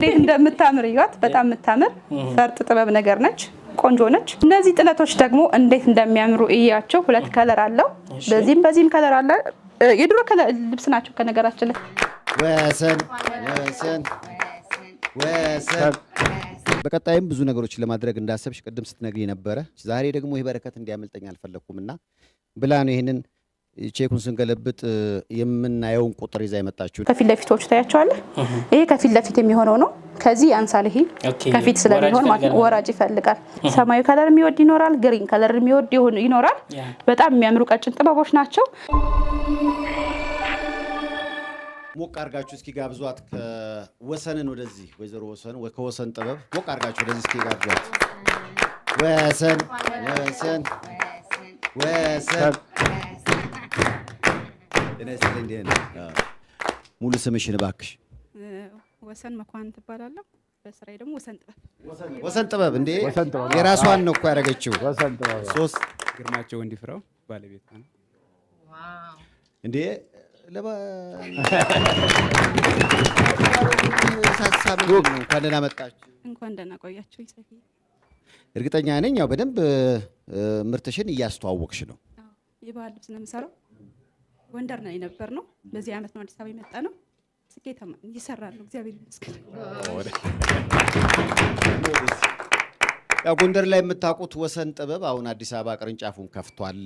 እንዴት እንደምታምር ይዋት በጣም የምታምር ፈርጥ ጥበብ ነገር ነች። ቆንጆ ነች። እነዚህ ጥለቶች ደግሞ እንዴት እንደሚያምሩ እያቸው። ሁለት ከለር አለው። በዚህም በዚህም ከለር አለ። የድሮ ልብስ ናቸው። ከነገራችን ላይ ወሰን ወሰን ወሰን በቀጣይም ብዙ ነገሮችን ለማድረግ እንዳሰብሽ ቅድም ስትነግሪ ነበረ። ዛሬ ደግሞ ይህ በረከት እንዲያመልጠኝ አልፈለግኩም እና ብላ ነው ይህንን ቼኩን ስንገለብጥ የምናየውን ቁጥር ይዛ የመጣችሁ ከፊት ለፊቶቹ ታያቸዋለህ። ይሄ ከፊት ለፊት የሚሆነው ነው። ከዚህ ያንሳል። ይሄ ከፊት ስለሚሆን ወራጅ ይፈልጋል። ሰማያዊ ከለር የሚወድ ይኖራል፣ ግሪን ከለር የሚወድ ይኖራል። በጣም የሚያምሩ ቀጭን ጥበቦች ናቸው። ሞቅ አድርጋችሁ እስኪ ጋብዟት። ከወሰንን ወደዚህ ወይዘሮ ወሰን ከወሰን ጥበብ ሞቅ አርጋችሁ ወደዚህ እስኪ ጋብዟት። ወሰን ወሰን ወሰን ሙሉ ስምሽን እባክሽ? ወሰን መኳን ትባላለሁ። በስራዬ ደግሞ ወሰን ጥበብ። ወሰን ጥበብ እንዴ! የራሷን ነው እኮ ያደረገችው። ሶስት ግርማቸው ወንዲፍራው ባለቤት ነው እንዴ እንኳን ደህና መጣችሁ። እንኳን ደህና ቆያችሁ። እርግጠኛ ነኝ ያው በደንብ ምርትሽን እያስተዋወቅሽ ነው። የባህል ልብስ ነው የምሰራው ጎንደር ነው የነበር ነው። በዚህ አመት ነው አዲስ አበባ የመጣ ነው። ስኬታማ ነው፣ እግዚአብሔር ይመስገን። ያው ጎንደር ላይ የምታውቁት ወሰን ጥበብ አሁን አዲስ አበባ ቅርንጫፉን ከፍቷል።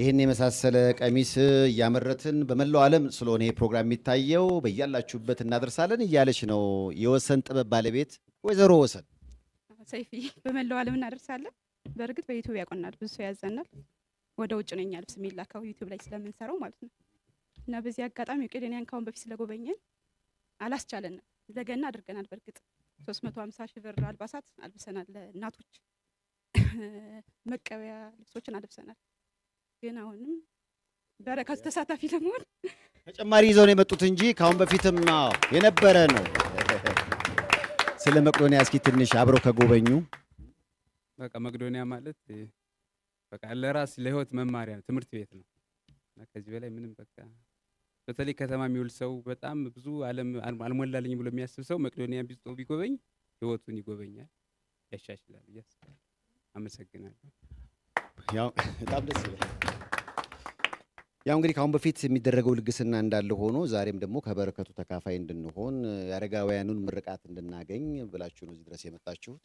ይህን የመሳሰለ ቀሚስ እያመረትን በመላው ዓለም ስለሆነ ይህ ፕሮግራም የሚታየው በያላችሁበት እናደርሳለን እያለች ነው የወሰን ጥበብ ባለቤት ወይዘሮ ወሰን ሰይፊ። በመላው ዓለም እናደርሳለን። በእርግጥ በኢትዮጵያ ያቆናል፣ ብዙ ሰው ያዘናል። ወደ ውጭ ነው የኛ ልብስ የሚላከው ዩቲዩብ ላይ ስለምንሰራው ማለት ነው። እና በዚህ አጋጣሚ ቄዶንያን ካሁን በፊት ስለጎበኘን አላስቻለንም። ለገና አድርገናል። በእርግጥ ሶስት መቶ ሀምሳ ሺህ ብር አልባሳት አልብሰናል። ለእናቶች መቀበያ ልብሶችን አልብሰናል። ግን አሁንም በረከቱ ተሳታፊ ለመሆን ተጨማሪ ይዘው ነው የመጡት እንጂ ካሁን በፊትም የነበረ ነው። ስለ መቅዶኒያ እስኪ ትንሽ አብረው ከጎበኙ በቃ መቅዶኒያ ማለት በቃ ለራስ ለህይወት መማሪያ ነው፣ ትምህርት ቤት ነው። ከዚህ በላይ ምንም በቃ በተለይ ከተማ የሚውል ሰው በጣም ብዙ ዓለም አልሞላልኝ ብሎ የሚያስብ ሰው መቄዶንያ ቢጾ ቢጎበኝ ህይወቱን ይጎበኛል፣ ያሻሽላል ብዬ አስባለሁ። አመሰግናለሁ። ያው በጣም ደስ ይላል። ያው እንግዲህ ከአሁን በፊት የሚደረገው ልግስና እንዳለ ሆኖ ዛሬም ደግሞ ከበረከቱ ተካፋይ እንድንሆን የአረጋውያኑን ምርቃት እንድናገኝ ብላችሁ ነው እዚህ ድረስ የመጣችሁት።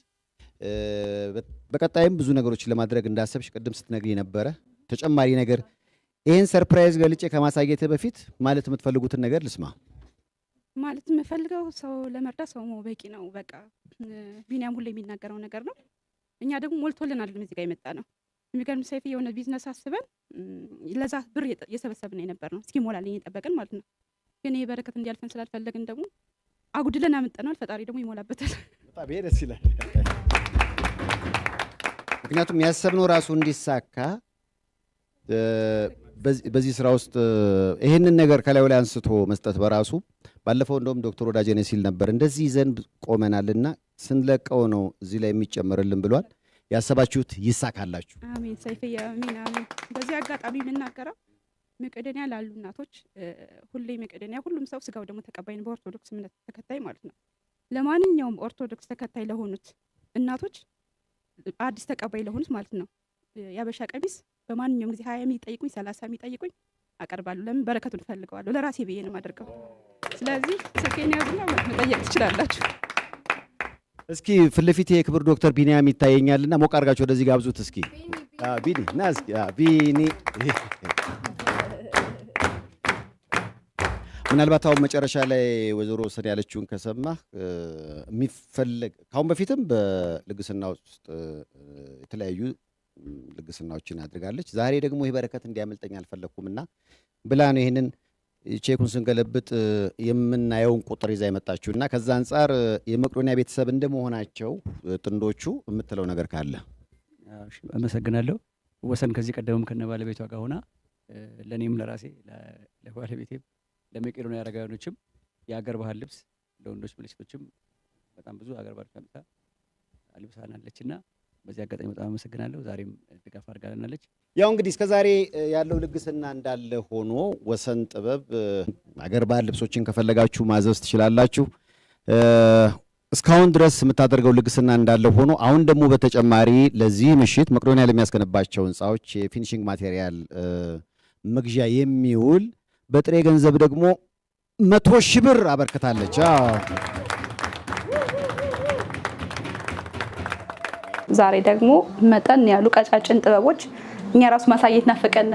በቀጣይም ብዙ ነገሮችን ለማድረግ እንዳሰብሽ ቅድም ስትነግሪ ነበረ። ተጨማሪ ነገር ይህን ሰርፕራይዝ ገልጬ ከማሳየት በፊት ማለት የምትፈልጉትን ነገር ልስማ። ማለት የምፈልገው ሰው ለመርዳት ሰው በቂ ነው። በቃ ቢኒያም ሁሌ የሚናገረው ነገር ነው። እኛ ደግሞ ሞልቶልን አይደለም እዚህ ጋር የመጣ ነው። የሚገርም ሰይፍ የሆነ ቢዝነስ አስበን ለዛ ብር እየሰበሰብን የነበር ነው። እስኪ ሞላልኝ የጠበቅን ማለት ነው። ግን ይህ በረከት እንዲያልፈን ስላልፈለግን ደግሞ አጉድለን አመጠነዋል። ፈጣሪ ደግሞ ይሞላበታል። በጣም ደስ ይላል። ምክንያቱም ያሰብነው ራሱ እንዲሳካ በዚህ ስራ ውስጥ ይህንን ነገር ከላዩ ላይ አንስቶ መስጠት በራሱ ባለፈው እንደውም ዶክተር ወዳጄ ሲል ነበር እንደዚህ ይዘን ቆመናልና ስንለቀው ነው እዚህ ላይ የሚጨመርልን ብሏል። ያሰባችሁት ይሳካላችሁ። አሜን። ሰይፍዬ፣ አሜን፣ አሜን። በዚህ አጋጣሚ የምናገረው መቄዶንያ ላሉ እናቶች ሁሌ መቄዶንያ ሁሉም ሰው ስጋው ደግሞ ተቀባይ በኦርቶዶክስ እምነት ተከታይ ማለት ነው። ለማንኛውም ኦርቶዶክስ ተከታይ ለሆኑት እናቶች አዲስ ተቀባይ ለሆኑት ማለት ነው። የአበሻ ቀሚስ በማንኛውም ጊዜ ሀያ የሚጠይቁኝ ሰላሳ የሚጠይቁኝ አቀርባሉ። ለምን በረከቱን እፈልገዋለሁ። ለራሴ ብዬ ነው የማደርገው። ስለዚህ ስልኬን ያዙና መጠየቅ ትችላላችሁ። እስኪ ፍልፊት የክብር ዶክተር ቢኒያም ይታየኛልና ሞቅ አድርጋችሁ ወደዚህ ጋብዙት። እስኪ ቢኒ ና ቢኒ ምናልባት አሁን መጨረሻ ላይ ወይዘሮ ወሰን ያለችውን ከሰማ የሚፈለግ ከአሁን በፊትም በልግስና ውስጥ የተለያዩ ልግስናዎችን አድርጋለች። ዛሬ ደግሞ ይህ በረከት እንዲያመልጠኝ አልፈለግኩም እና ብላ ነው ይህንን ቼኩን ስንገለብጥ የምናየውን ቁጥር ይዛ የመጣችሁ እና ከዛ አንጻር የመቅዶኒያ ቤተሰብ እንደመሆናቸው ጥንዶቹ የምትለው ነገር ካለ አመሰግናለሁ። ወሰን ከዚህ ቀደምም ከነ ባለቤቷ ጋር ሆና ለእኔም ለራሴ ለባለቤቴም ለመቄዶንያ አረጋውያኖችም የአገር ባህል ልብስ ለወንዶች መለሴቶችም በጣም ብዙ አገር ባህል ቀምታ አልብሳናለች እና በዚህ አጋጣሚ በጣም አመሰግናለሁ። ዛሬም ድጋፍ አድርጋልናለች። ያው እንግዲህ እስከዛሬ ያለው ልግስና እንዳለ ሆኖ ወሰን ጥበብ አገር ባህል ልብሶችን ከፈለጋችሁ ማዘዝ ትችላላችሁ። እስካሁን ድረስ የምታደርገው ልግስና እንዳለ ሆኖ አሁን ደግሞ በተጨማሪ ለዚህ ምሽት መቄዶንያ ለሚያስገነባቸው ህንፃዎች የፊኒሽንግ ማቴሪያል መግዣ የሚውል በጥሬ ገንዘብ ደግሞ መቶ ሺህ ብር አበርክታለች። ዛሬ ደግሞ መጠን ያሉ ቀጫጭን ጥበቦች እኛ ራሱ ማሳየት ናፈቀን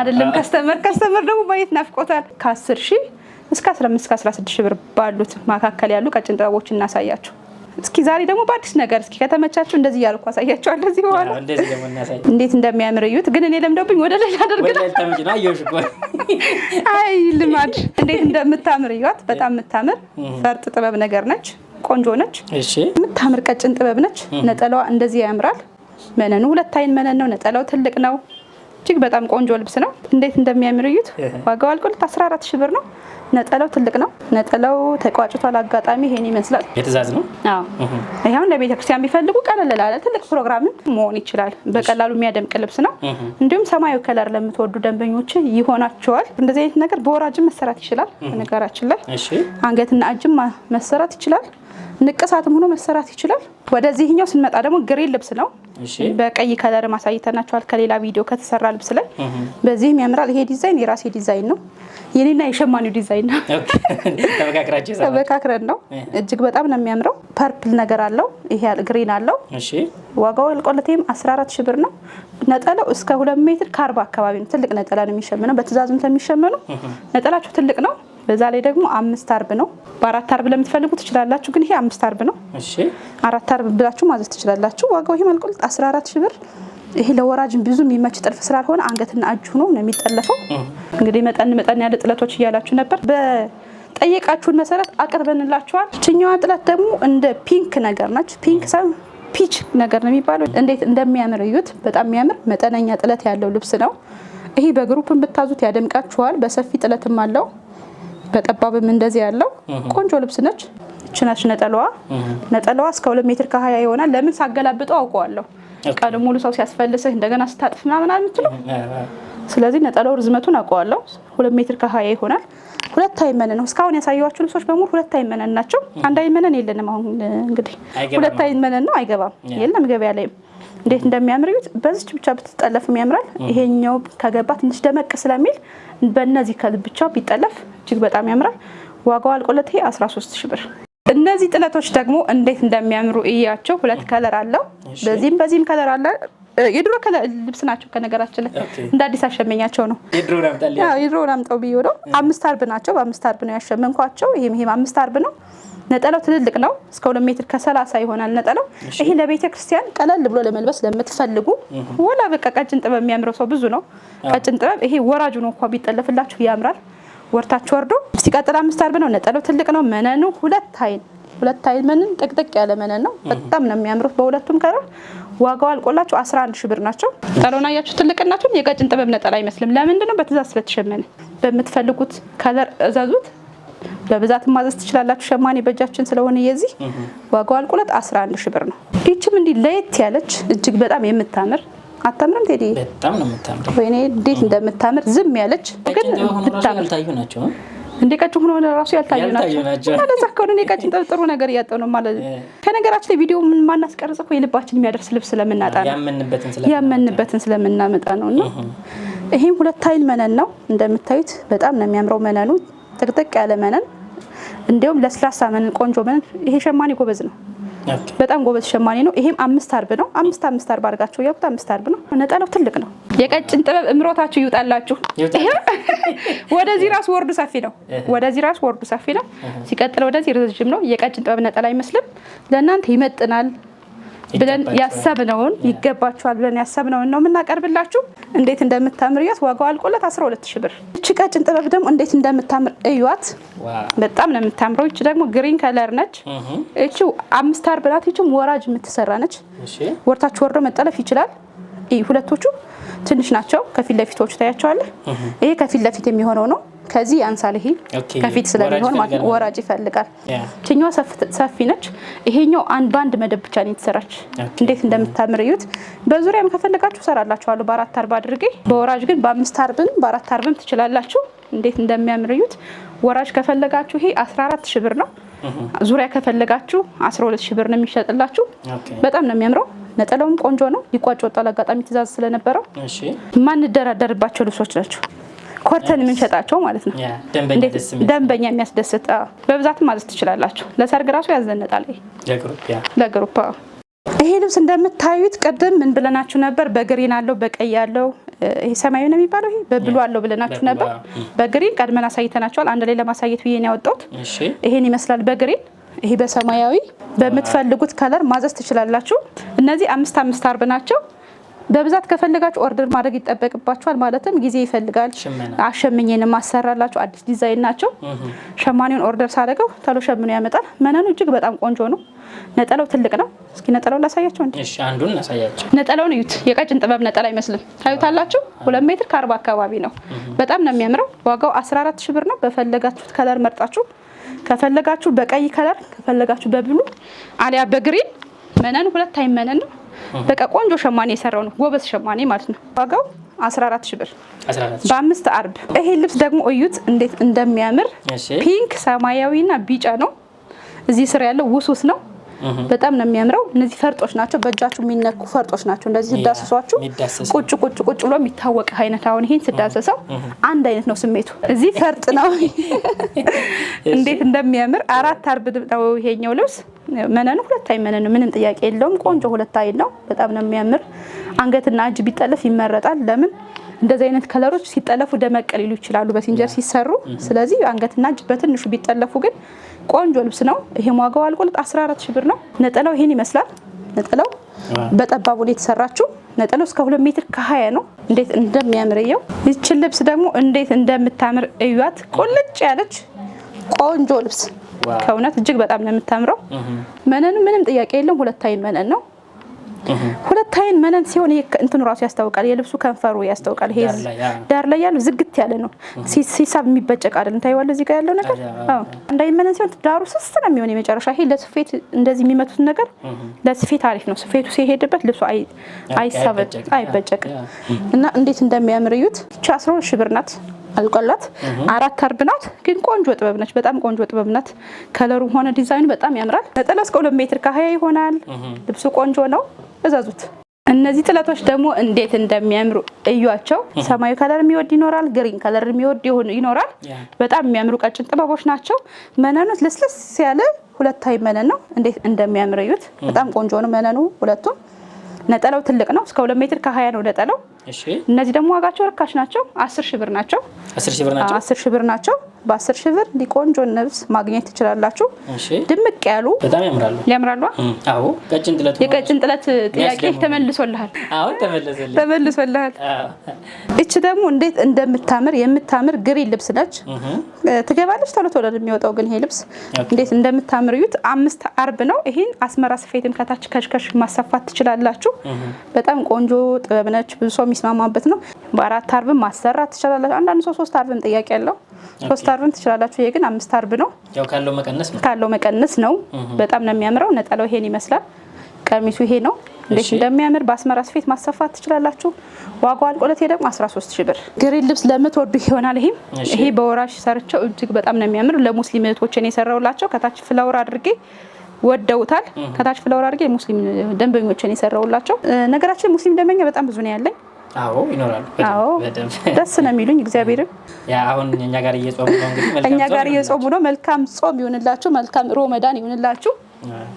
አይደለም። ከስተመር ከስተመር ደግሞ ማየት ናፍቆታል። ከ10 ሺህ እስከ 15 16 ሺህ ብር ባሉት መካከል ያሉ ቀጭን ጥበቦች እናሳያችሁ። እስኪ ዛሬ ደግሞ በአዲስ ነገር እስኪ ከተመቻችሁ እንደዚህ እያልኩ አሳያችኋለሁ። እንደዚህ በኋላ እንዴት እንደሚያምር እዩት። ግን እኔ ለምደብኝ ወደ ላይ ነው አይ ልማድ እንዴት እንደምታምር ይዋት በጣም የምታምር ፈርጥ ጥበብ ነገር ነች። ቆንጆ ነች። የምታምር ቀጭን ጥበብ ነች። ነጠላዋ እንደዚህ ያምራል። መነኑ ሁለት አይን መነን ነው። ነጠላው ትልቅ ነው። እጅግ በጣም ቆንጆ ልብስ ነው። እንዴት እንደሚያምር እዩት። ዋጋው አልቆልት 14 ሺህ ብር ነው። ነጠላው ትልቅ ነው። ነጠላው ተቋጭቷል። አጋጣሚ ይሄን ይመስላል። የትእዛዝ ነው። አዎ ይሄ ቢፈልጉ ቀለል ላለ ትልቅ ፕሮግራምን መሆን ይችላል። በቀላሉ የሚያደምቅ ልብስ ነው። እንዲሁም ሰማያዊ ከለር ለምትወዱ ደንበኞች ይሆናቸዋል። እንደዚህ አይነት ነገር በወራጅም መሰራት ይችላል። ነገራችን ላይ አንገትና እጅም መሰራት ይችላል። ንቅሳትም ሆኖ መሰራት ይችላል። ወደዚህኛው ስንመጣ ደግሞ ግሪን ልብስ ነው። በቀይ ከለር ማሳይተናቸዋል ከሌላ ቪዲዮ ከተሰራ ልብስ ላይ በዚህም ያምራል። ይሄ ዲዛይን የራሴ ዲዛይን ነው፣ የኔና የሸማኔው ዲዛይን ነው። ተበካክረን ነው። እጅግ በጣም ነው የሚያምረው። ፐርፕል ነገር አለው፣ ይሄ ግሪን አለው። ዋጋው አልቆለቴም 14 ሺህ ብር ነው። ነጠላው እስከ ሁለት ሜትር ከአርባ አካባቢ ነው። ትልቅ ነጠላ ነው የሚሸምነው፣ በትእዛዝም የሚሸምነው ነጠላቸው ትልቅ ነው። በዛ ላይ ደግሞ አምስት አርብ ነው። በአራት አርብ ለምትፈልጉ ትችላላችሁ፣ ግን ይሄ አምስት አርብ ነው። አራት አርብ ብላችሁ ማዘዝ ትችላላችሁ። ዋጋው ይሄ ማልቆልጥ 14 ሺህ ብር። ይሄ ለወራጅን ብዙ የሚመች ጥልፍ ስላልሆነ አንገትና እጅ ሆኖ ነው የሚጠለፈው። እንግዲህ መጠን መጠን ያለ ጥለቶች እያላችሁ ነበር በጠየቃችሁን መሰረት አቅርበንላችኋል። ችኛዋ ጥለት ደግሞ እንደ ፒንክ ነገር ናች። ፒንክ ሳይሆን ፒች ነገር ነው የሚባለው። እንዴት እንደሚያምር እዩት። በጣም የሚያምር መጠነኛ ጥለት ያለው ልብስ ነው። ይሄ በግሩፕ ብታዙት ያደምቃችኋል። በሰፊ ጥለትም አለው። በጠባብም እንደዚህ ያለው ቆንጆ ልብስ ነች። ችነች ነጠለዋ ነጠለዋ እስከ ሁለት ሜትር ከሀያ ይሆናል። ለምን ሳገላብጠው አውቀዋለሁ። ቀድሞ ሙሉ ሰው ሲያስፈልስህ እንደገና ስታጥፍ ምናምን አልምትለው። ስለዚህ ነጠላው ርዝመቱን አውቀዋለሁ። ሁለት ሜትር ከሀያ ይሆናል። ሁለት አይመነ ነው። እስካሁን ያሳየኋችሁ ልብሶች በሙሉ ሁለት አይመነን ናቸው። አንድ አይመነን የለንም። አሁን እንግዲህ ሁለት አይመነን ነው አይገባም፣ የለም ገበያ ላይም እንዴት እንደሚያምር ዩት። በዚች ብቻ ብትጠለፍም ያምራል። ይሄኛው ከገባ ትንሽ ደመቅ ስለሚል በእነዚህ ብቻ ቢጠለፍ እጅግ በጣም ያምራል። ዋጋው አልቆለት ይሄ 13 ሺ ብር። እነዚህ ጥለቶች ደግሞ እንዴት እንደሚያምሩ እያቸው። ሁለት ከለር አለው። በዚህም በዚህም ከለር አለ። የድሮ ልብስ ናቸው። ከነገራችን ላይ እንደ አዲስ አሸመኛቸው ነው። የድሮ ላምጠው ብዬ ነው። አምስት አርብ ናቸው። በአምስት አርብ ነው ያሸመንኳቸው። ይህም ይህም አምስት አርብ ነው። ነጠላው ትልልቅ ነው። እስከ ሁለት ሜትር ከሰላሳ ይሆናል ነጠላው። ይሄ ለቤተ ክርስቲያን ቀለል ብሎ ለመልበስ ለምትፈልጉ ወላ በቃ ቀጭን ጥበብ የሚያምረው ሰው ብዙ ነው። ቀጭን ጥበብ ይሄ ወራጁ ነው እንኳ ቢጠለፍላችሁ ያምራል። ወርታችሁ ወርዶ ሲቀጥል አምስት አርብ ነው። ነጠላው ትልቅ ነው። መነኑ ሁለት አይን ሁለት አይን መንን ጥቅጥቅ ያለ መነን ነው። በጣም ነው የሚያምሩት በሁለቱም ከለር ዋጋው አልቆላቸው 11 ሺህ ብር ናቸው። ነጠላውን አያችሁ ትልቅነቱን። የቀጭን ጥበብ ነጠላ አይመስልም። ለምንድን ነው በትእዛዝ ስለተሸመነ። በምትፈልጉት ከለር እዘዙት። በብዛት ማዘዝ ትችላላችሁ። ሸማኔ በእጃችን ስለሆነ የዚህ ዋጋው አልቁለት 11 ሺህ ብር ነው። ይችም እንዲህ ለየት ያለች እጅግ በጣም የምታምር አታምርም ቴዲ? በጣም ነው የምታምር። ወይኔ እንዴት እንደምታምር ዝም ያለች ግን ብታምር እንዴ ቀጭን ሆኖ ራሱ ያልታዩ ናቸው። ለዛ ከሆነ እኔ ቀጭን ጥርጥሩ ነገር እያጠው ነው ማለት ከነገራችን ላይ ቪዲዮ ማናስቀርጽ እኮ የልባችን የሚያደርስ ልብስ ስለምናጣ ነው፣ ያመንበትን ስለምናመጣ ነው። እና ይህም ሁለት አይል መነን ነው እንደምታዩት፣ በጣም ነው የሚያምረው መነኑ ጥቅጥቅ ያለ መነን እንዲሁም ለስላሳ መነን ቆንጆ መነን። ይሄ ሸማኔ ጎበዝ ነው፣ በጣም ጎበዝ ሸማኔ ነው። ይሄም አምስት አርብ ነው። አምስት አምስት አርብ አድርጋችሁ ያልኩት አምስት አርብ ነው። ነጠላው ትልቅ ነው። የቀጭን ጥበብ እምሮታችሁ ይውጣላችሁ። ወደዚህ ራሱ ወርዱ ሰፊ ነው። ወደዚህ ራሱ ወርዱ ሰፊ ነው። ሲቀጥል ወደዚህ ርዝዥም ነው። የቀጭን ጥበብ ነጠላ አይመስልም። ለእናንተ ይመጥናል። ብለን ያሰብነውን ይገባችኋል ብለን ያሰብነውን ነው የምናቀርብላችሁ። እንዴት እንደምታምር እንደምታምርያት ዋጋው አልቆለት 12 ሺህ ብር። እቺ ቀጭን ጥበብ ደግሞ እንዴት እንደምታምር እዩዋት። በጣም ነው የምታምረው። እቺ ደግሞ ግሪን ከለር ነች። እቺ አምስት አርብ ናት። እቺም ወራጅ የምትሰራ ነች። ወርታች ወርዶ መጠለፍ ይችላል። ሁለቶቹ ትንሽ ናቸው። ከፊት ለፊቶቹ ታያቸዋለህ። ይሄ ከፊት ለፊት የሚሆነው ነው ከዚህ ያንሳል። ይሄ ከፊት ስለሚሆን ማለት ወራጅ ይፈልጋል። ችኛዋ ሰፊ ነች። ይሄኛው አንድ በአንድ መደብ ብቻ ነው የተሰራች። እንዴት እንደምታምር እዩት። በዙሪያም ከፈለጋችሁ ሰራላችኋለሁ በአራት አርብ አድርጌ። በወራጅ ግን በአምስት አርብም በአራት አርብም ትችላላችሁ። እንዴት እንደሚያምር እዩት። ወራጅ ከፈለጋችሁ ይሄ 14 ሺህ ብር ነው። ዙሪያ ከፈለጋችሁ 12 ሺህ ብር ነው የሚሸጥላችሁ። በጣም ነው የሚያምረው። ነጠላውም ቆንጆ ነው። ሊቋጭ ወጣ አጋጣሚ ትእዛዝ ስለነበረው ማንደራደርባቸው ልብሶች ናቸው። ኮርተን የምንሸጣቸው ማለት ነው። ደንበኛ የሚያስደስት በብዛት ማዘዝ ትችላላችሁ። ለሰርግ ራሱ ያዘነጣል። ለግሩፕ ይሄ ልብስ እንደምታዩት ቅድም ምን ብለናችሁ ነበር? በግሪን አለው በቀይ አለው ይሄ ሰማያዊ ነው የሚባለው። ይሄ በብሉ አለው ብለናችሁ ነበር። በግሪን ቀድመን አሳይተናቸዋል። አንድ ላይ ለማሳየት ብዬ ነው ያወጣሁት። ይሄን ይመስላል በግሪን ይሄ በሰማያዊ በምትፈልጉት ከለር ማዘዝ ትችላላችሁ። እነዚህ አምስት አምስት አርብ ናቸው። በብዛት ከፈለጋችሁ ኦርደር ማድረግ ይጠበቅባችኋል። ማለትም ጊዜ ይፈልጋል። አሸምኜን ማሰራላችሁ አዲስ ዲዛይን ናቸው። ሸማኔውን ኦርደር ሳደርገው ቶሎ ሸምኖ ያመጣል። መነኑ እጅግ በጣም ቆንጆ ነው። ነጠላው ትልቅ ነው። እስኪ ነጠላውን ላሳያቸው። እንዲ አንዱን ላሳያቸው። ነጠላውን እዩት። የቀጭን ጥበብ ነጠላ አይመስልም። ታዩታላችሁ። ሁለት ሜትር ከአርባ አካባቢ ነው። በጣም ነው የሚያምረው። ዋጋው 14 ሺህ ብር ነው። በፈለጋችሁት ከለር መርጣችሁ ከፈለጋችሁ በቀይ ከለር ከፈለጋችሁ በብሉ አሊያ በግሪን መነን ሁለት አይመነን ነው በቃ ቆንጆ ሸማኔ የሰራው ነው፣ ጎበዝ ሸማኔ ማለት ነው። ዋጋው 14 ሺ ብር በአምስት አርብ። ይሄ ልብስ ደግሞ እዩት እንዴት እንደሚያምር ፒንክ፣ ሰማያዊና ቢጫ ነው። እዚህ ስር ያለው ውሱስ ነው በጣም ነው የሚያምረው። እነዚህ ፈርጦች ናቸው፣ በእጃችሁ የሚነኩ ፈርጦች ናቸው። እንደዚህ ስዳሰሷችሁ ቁጭ ቁጭ ቁጭ ብሎ የሚታወቅ አይነት። አሁን ይሄን ስዳሰሰው አንድ አይነት ነው ስሜቱ። እዚህ ፈርጥ ነው፣ እንዴት እንደሚያምር አራት አርብ ነው ይሄኛው ልብስ። መነኑ ሁለት አይ መነኑ ምንም ጥያቄ የለውም። ቆንጆ ሁለት አይ ነው፣ በጣም ነው የሚያምር። አንገትና እጅ ቢጠለፍ ይመረጣል። ለምን እንደዚህ አይነት ከለሮች ሲጠለፉ ደመቅ ሊሉ ይችላሉ በሲንጀር ሲሰሩ። ስለዚህ አንገትና እጅ በትንሹ ቢጠለፉ ግን ቆንጆ ልብስ ነው። ይሄም ዋጋው አልቆለት 14 ሺህ ብር ነው። ነጠላው ይሄን ይመስላል። ነጠላው በጠባቡ ላይ የተሰራችው ነጠላው እስከ 2 ሜትር ከ ከ20 ነው። እንዴት እንደሚያምር እየው። ይችን ልብስ ደግሞ እንዴት እንደምታምር እዩት። ቁልጭ ያለች ቆንጆ ልብስ ከእውነት እጅግ በጣም ነው የምታምረው። መነኑ ምንም ጥያቄ የለም። ሁለት አይን መነን ነው። ሁለት አይን መነን ሲሆን ይሄ እንትኑ ራሱ ያስታውቃል። የልብሱ ከንፈሩ ያስታውቃል። ይሄ ዳር ላይ ያለው ዝግት ያለ ነው፣ ሲሳብ የሚበጨቅ አይደለም። ታይዋለህ እዚህ ጋር ያለው ነገር። አንድ መነን ሲሆን ዳሩ ስስ ነው የሚሆን የመጨረሻ። ይሄ ለስፌት እንደዚህ የሚመቱት ነገር ለስፌት አሪፍ ነው። ስፌቱ ሲሄድበት ልብሱ አይሳበጥ አይበጨቅም እና እንዴት እንደሚያምር እዩት። ብቻ አስራ ሺህ ብር ናት። አልቆላት አራት አርብ ናት። ግን ቆንጆ ጥበብ ነች። በጣም ቆንጆ ጥበብ ናት። ከለሩም ሆነ ዲዛይኑ በጣም ያምራል። ነጠላ እስከ ሁለት ሜትር ከሀያ ይሆናል። ልብሱ ቆንጆ ነው። እዘዙት እነዚህ ጥለቶች ደግሞ እንዴት እንደሚያምሩ እዩቸው ሰማያዊ ከለር የሚወድ ይኖራል፣ ግሪን ከለር የሚወድ ይኖራል። በጣም የሚያምሩ ቀጭን ጥበቦች ናቸው። መነኑ ልስልስ ያለ ሁለታዊ መነን ነው። እንዴት እንደሚያምር እዩት። በጣም ቆንጆ ነው መነኑ። ሁለቱም ነጠላው ትልቅ ነው። እስከ ሁለት ሜትር ከሀያ ነው ነጠላው እነዚህ ደግሞ ዋጋቸው ርካሽ ናቸው። አስር ሽብር ብር ናቸው። አስር ሽብር ብር ናቸው። በአስር ሽብር ብር ሊቆንጆ ነብስ ማግኘት ትችላላችሁ። ድምቅ ያሉ በጣም ያምራሉ። ያምራሉ። የቀጭን ጥለት ጥያቄ ተመልሶልሃል። አዎ ተመልሶልሃል። ደግሞ እንዴት እንደምታምር የምታምር ግሪ ልብስ ነች። ትገባለች ቶሎ ቶሎ የሚወጣው ግን ይሄ ልብስ እንዴት እንደምታምር እዩት። አምስት አርብ ነው። ይሄን አስመራ ስፌትም ከታች ከሽከሽ ማሰፋት ትችላላችሁ። በጣም ቆንጆ ጥበብ ነች። ብዙ ሰው የሚስማማበት ነው። በአራት አርብ ማሰራት ትችላላችሁ። አንዳንድ ሰው ሶስት አርብም ጥያቄ ያለው ሶስት አርብም ትችላላችሁ። ይሄ ግን አምስት አርብ ነው፣ ካለው መቀነስ ነው። በጣም ነው የሚያምረው። ነጠላው ይሄን ይመስላል። ቀሚሱ ይሄ ነው። እንዴት እንደሚያምር በአስመራ ስፌት ማሰፋት ትችላላችሁ። ዋጋው አልቆለት ደግሞ 13 ሺ ብር። ግሪን ልብስ ለምትወዱ ይሆናል። ይሄም ይሄ በወራሽ ሰርቸው እጅግ በጣም ነው የሚያምር። ለሙስሊም እህቶች ነው የሰራውላቸው። ከታች ፍላወር አድርጌ ወደውታል። ከታች ፍላወር አድርጌ ሙስሊም ደንበኞች ነው የሰራውላቸው። ነገራችን ሙስሊም ደንበኛ በጣም ብዙ ነው ያለኝ አዎ ይኖራሉ። ደስ ነው የሚሉኝ። እግዚአብሔርም አሁን እኛ ጋር እየጾሙ ነው እንግዲህ እኛ ጋር እየጾሙ ነው። መልካም ጾም ይሁንላችሁ። መልካም ሮመዳን ይሁንላችሁ።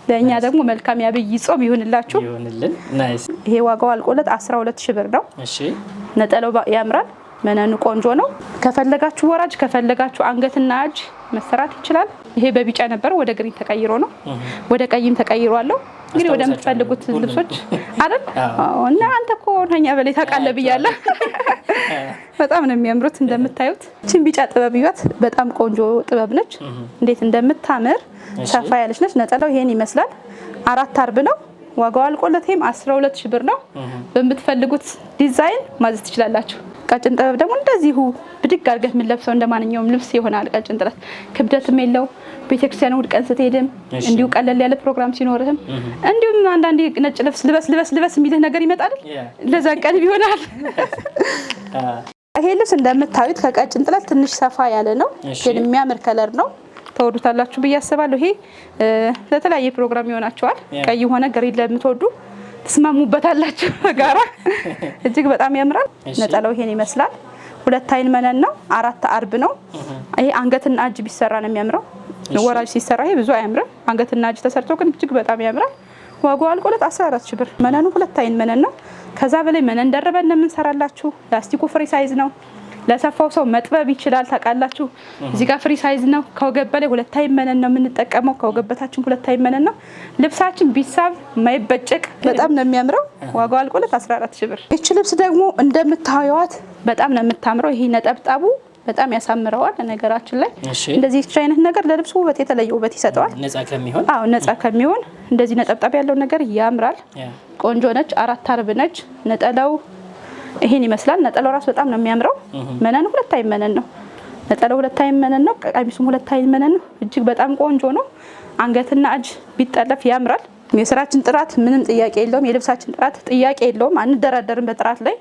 ለእኛ ደግሞ መልካም ያብይ ጾም ይሁንላችሁ። ይሄ ዋጋው አልቆለት 12 ሺህ ብር ነው። ነጠላው ያምራል። መነኑ ቆንጆ ነው። ከፈለጋችሁ ወራጅ ከፈለጋችሁ አንገትና እጅ መሰራት ይችላል። ይሄ በቢጫ ነበረ ወደ ግሪን ተቀይሮ ነው ወደ ቀይም ተቀይሮ አለው። እንግዲህ ወደምትፈልጉት ልብሶች አይደል እና አንተ እኮ ከኛ በላይ ታውቃለህ ብያለሁ። በጣም ነው የሚያምሩት እንደምታዩት። ችን ቢጫ ጥበብ እዩት። በጣም ቆንጆ ጥበብ ነች። እንዴት እንደምታምር ሰፋ ያለች ነች። ነጠላው ይሄን ይመስላል። አራት አርብ ነው ዋጋው አልቆለት ይሄም 12 ሺህ ብር ነው። በምትፈልጉት ዲዛይን ማዘዝ ትችላላችሁ። ቀጭን ጥበብ ደግሞ እንደዚሁ ብድግ አድርገህ የምንለብሰው እንደማንኛውም ልብስ ይሆናል። ቀጭን ጥለት ክብደትም የለው። ቤተክርስቲያን እሑድ ቀን ስትሄድም እንዲሁ ቀለል ያለ ፕሮግራም ሲኖርህም እንዲሁም አንዳንዴ ነጭ ልብስ ልበስ ልበስ ልበስ የሚልህ ነገር ይመጣል። ለዛ ቀን ይሆናል። ይሄ ልብስ እንደምታዩት ከቀጭን ጥለት ትንሽ ሰፋ ያለ ነው፣ ግን የሚያምር ከለር ነው። ተወዱታላችሁ ብዬ አስባለሁ። ይሄ ለተለያየ ፕሮግራም ይሆናቸዋል። ቀይ ሆነ ግሪን ለምትወዱ ትስማሙበታላችሁ ጋራ እጅግ በጣም ያምራል። ነጠላው ይሄን ይመስላል። ሁለት አይን መነን ነው። አራት አርብ ነው። ይሄ አንገትና እጅ ቢሰራ ነው የሚያምረው። ወራጅ ሲሰራ ይሄ ብዙ አያምርም። አንገትና እጅ ተሰርቶ ግን እጅግ በጣም ያምራል። ዋጋው አልቆለት 14 ሺህ ብር። መነኑ ሁለት አይን መነን ነው። ከዛ በላይ መነን ደርበን ነው ሰራላችሁ ላስቲኩ ፍሪ ሳይዝ ነው። ለሰፋው ሰው መጥበብ ይችላል። ታውቃላችሁ እዚህ ጋር ፍሪ ሳይዝ ነው። ከወገብ በላይ ሁለት አይመነን ነው የምንጠቀመው። ከወገበታችን ሁለት መነን ነው። ልብሳችን ቢሳብ ማይበጨቅ በጣም ነው የሚያምረው። ዋጋው አልቆለት 14 ሺህ ብር። ይቺ ልብስ ደግሞ እንደምታዩዋት በጣም ነው የምታምረው። ይሄ ነጠብጣቡ በጣም ያሳምረዋል። ነገራችን ላይ እንደዚህ ይህች አይነት ነገር ለልብሱ ውበት የተለየ ውበት ይሰጠዋል። አዎ ነጻ ከሚሆን እንደዚህ ነጠብጣብ ያለው ነገር ያምራል። ቆንጆ ነች። አራት አርብ ነች። ነጠላው ይሄን ይመስላል። ነጠላው ራሱ በጣም ነው የሚያምረው። መነን ሁለት አይን መነን ነው። ነጠለው ሁለት አይን መነን ነው። ቀሚሱም ሁለት አይን መነን ነው። እጅግ በጣም ቆንጆ ነው። አንገትና እጅ ቢጠለፍ ያምራል። የስራችን ጥራት ምንም ጥያቄ የለውም። የልብሳችን ጥራት ጥያቄ የለውም። አንደራደርም በጥራት ላይ።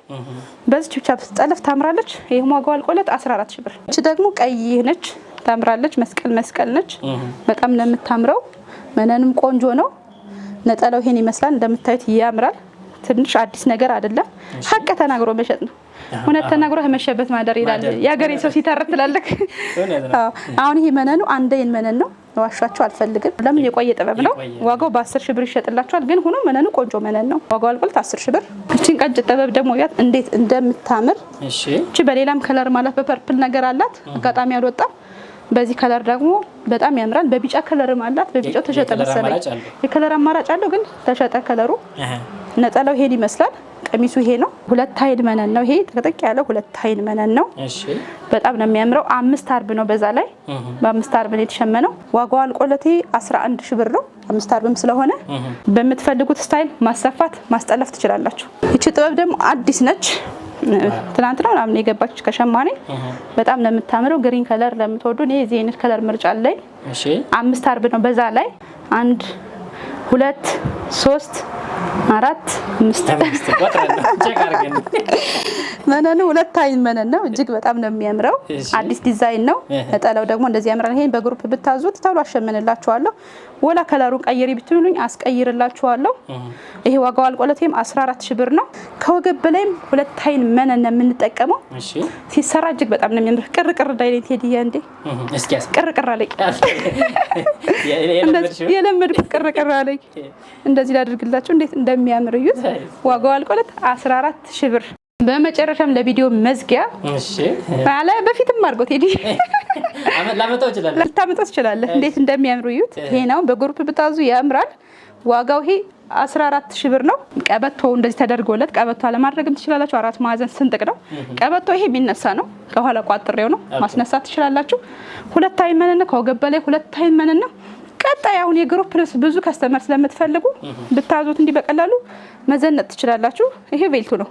በዚች ብቻ ብትጠለፍ ታምራለች። ይህም ዋጋው አልቆለት 14 ሺህ ብር። እች ደግሞ ቀይ ነች፣ ታምራለች። መስቀል መስቀል ነች። በጣም ነው የምታምረው። መነንም ቆንጆ ነው። ነጠለው ይሄን ይመስላል። እንደምታዩት ያምራል። ትንሽ አዲስ ነገር አይደለም። ሀቅ ተናግሮ መሸጥ ነው። እውነት ተናግሮ መሸበት ማደር ይላል የሀገሬ ሰው ሲተርት ትላልክ። አሁን ይሄ መነኑ አንደይን መነን ነው ዋሻቸው አልፈልግም። ለምን የቆየ ጥበብ ነው። ዋጋው በአስር ሺህ ብር ይሸጥላቸዋል። ግን ሆኖ መነኑ ቆንጆ መነን ነው። ዋጋው አልቆልት አስር ሺህ ብር። እችን ቀጭ ጥበብ ደግሞ ያት እንዴት እንደምታምር እቺ በሌላም ከለር ማለት በፐርፕል ነገር አላት አጋጣሚ አልወጣም። በዚህ ከለር ደግሞ በጣም ያምራል። በቢጫ ከለርም አላት። በቢጫው ተሸጠ መሰለኝ የከለር አማራጭ አለው ግን ተሸጠ ከለሩ። ነጠላው ይሄን ይመስላል። ቀሚሱ ይሄ ነው። ሁለት ሀይል መነን ነው ይሄ ጥቅጥቅ ያለው ሁለት ሀይል መነን ነው። በጣም ነው የሚያምረው። አምስት አርብ ነው በዛ ላይ በአምስት አርብ ነው የተሸመነው። ዋጋው አልቆለቴ 11 ሺ ብር ነው። አምስት አርብም ስለሆነ በምትፈልጉት ስታይል ማሰፋት ማስጠለፍ ትችላላችሁ። ይቺ ጥበብ ደግሞ አዲስ ነች። ነው ምናምን የገባች ከሸማኔ በጣም ለምታምረው ግሪን ከለር ለምትወዱ እኔ የዚህ አይነት ከለር ምርጫ አለኝ። አምስት አርብ ነው በዛ ላይ አንድ ሁለት ሶስት አራት አምስት መነኑ ሁለት አይን መነን ነው። እጅግ በጣም ነው የሚያምረው። አዲስ ዲዛይን ነው። ነጠላው ደግሞ እንደዚህ ያምራል። ይሄን በግሩፕ ብታዙት ቶሎ አሸምንላችኋለሁ። ወላ ከለሩን ቀይሪ ብትሉኝ አስቀይርላችኋለሁ። ይሄ ዋጋው አልቆለትም 14 ሺህ ብር ነው። ከወገብ በላይም ሁለት አይን መነን ነው የምንጠቀመው። ሲሰራ እጅግ በጣም ነው የሚያምር። ቅር ቅር ዳይሌት እንዴ ቅር አለኝ የለመድኩት ቅር አለኝ ላይ እንደዚህ ላድርግላችሁ፣ እንዴት እንደሚያምር እዩት። ዋጋው አልቆለት 14 ሺህ ብር። በመጨረሻም ለቪዲዮ መዝጊያ ባለ በፊትም አድርጎ ቴዲ ልታመጣው ትችላለህ። እንዴት እንደሚያምሩ እዩት። ይሄ ነው በግሩፕ ብታዙ ያምራል። ዋጋው ይሄ 14 ሺህ ብር ነው። ቀበቶ እንደዚህ ተደርጎለት ቀበቶ አለማድረግም ትችላላችሁ። አራት ማዕዘን ስንጥቅ ነው ቀበቶ። ይሄ የሚነሳ ነው። ከኋላ ቋጥሬው ነው ማስነሳት ትችላላችሁ። ሁለት አይመን ነው ከወገብ በላይ ሁለት አይመን ቀጣይ አሁን የግሩፕ ልብስ ብዙ ከስተመር ስለምትፈልጉ ብታዙት እንዲህ በቀላሉ መዘነጥ ትችላላችሁ። ይሄ ቬልቱ ነው።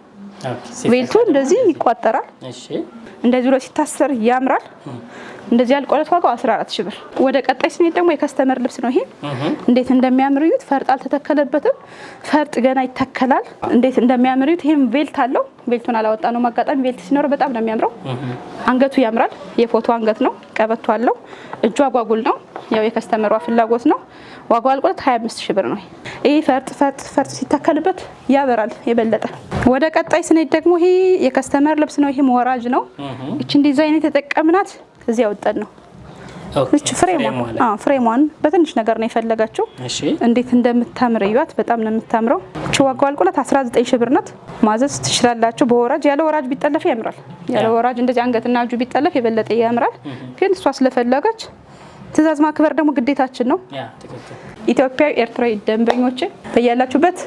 ቬልቱ እንደዚህ ይቋጠራል። እንደዚህ ብሎ ሲታሰር ያምራል። እንደዚህ ያልቆለት ዋጋው 14 ሺህ ብር። ወደ ቀጣይ ስሜት ደግሞ የከስተመር ልብስ ነው። ይሄ እንዴት እንደሚያምር እዩት። ፈርጥ አልተተከለበትም። ፈርጥ ገና ይተከላል። እንዴት እንደሚያምር እዩት። ይሄም ቬልት አለው ቤልቱን አላወጣ ነው ማጋጣሚ። ቤልት ሲኖር በጣም ነው የሚያምረው። አንገቱ ያምራል። የፎቶ አንገት ነው። ቀበቶ አለው። እጁ አጓጉል ነው። ያው የከስተመሯ ፍላጎት ነው። ዋጋው አልቆለት 25 ሺህ ብር ነው። ይህ ፈርጥ ፈርጥ ፈርጥ ሲተከልበት ያበራል የበለጠ። ወደ ቀጣይ ስንሄድ ደግሞ ይሄ የከስተመር ልብስ ነው። ይሄ ሞራጅ ነው። እችን ዲዛይን የተጠቀምናት እዚህ ያወጣን ነው ፍሬሟን በትንሽ ነገር ነው የፈለገችው። እንዴት እንደምታምር እዩት። በጣም ነው የምታምረው። ችዋጋ አልቆላት 19 ሺህ ብር ናት። ማዘዝ ትችላላችሁ። በወራጅ ያለ ወራጅ ቢጠለፍ ያምራል። ያለ ወራጅ እንደዚህ አንገትና እጁ ቢጠለፍ የበለጠ ያምራል። ግን እሷ ስለፈለገች ትእዛዝ ማክበር ደግሞ ግዴታችን ነው። ኢትዮጵያዊ ኤርትራዊ ደንበኞች ። በያላችሁበት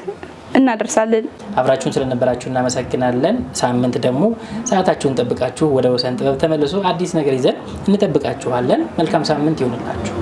እናደርሳለን። አብራችሁን ስለነበራችሁ እናመሰግናለን። ሳምንት ደግሞ ሰዓታችሁን ጠብቃችሁ ወደ ወሰን ጥበብ ተመልሶ አዲስ ነገር ይዘን እንጠብቃችኋለን። መልካም ሳምንት ይሆንላችሁ።